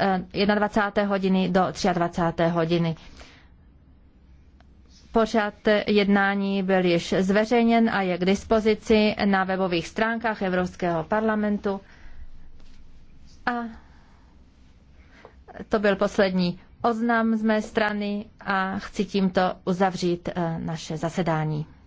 21. Eh, hodiny do 23. hodiny. Pořad jednání byl již zveřejněn a je k dispozici na webových stránkách Evropského parlamentu. A to byl poslední oznam z mé strany a chci tímto uzavřít eh, naše zasedání.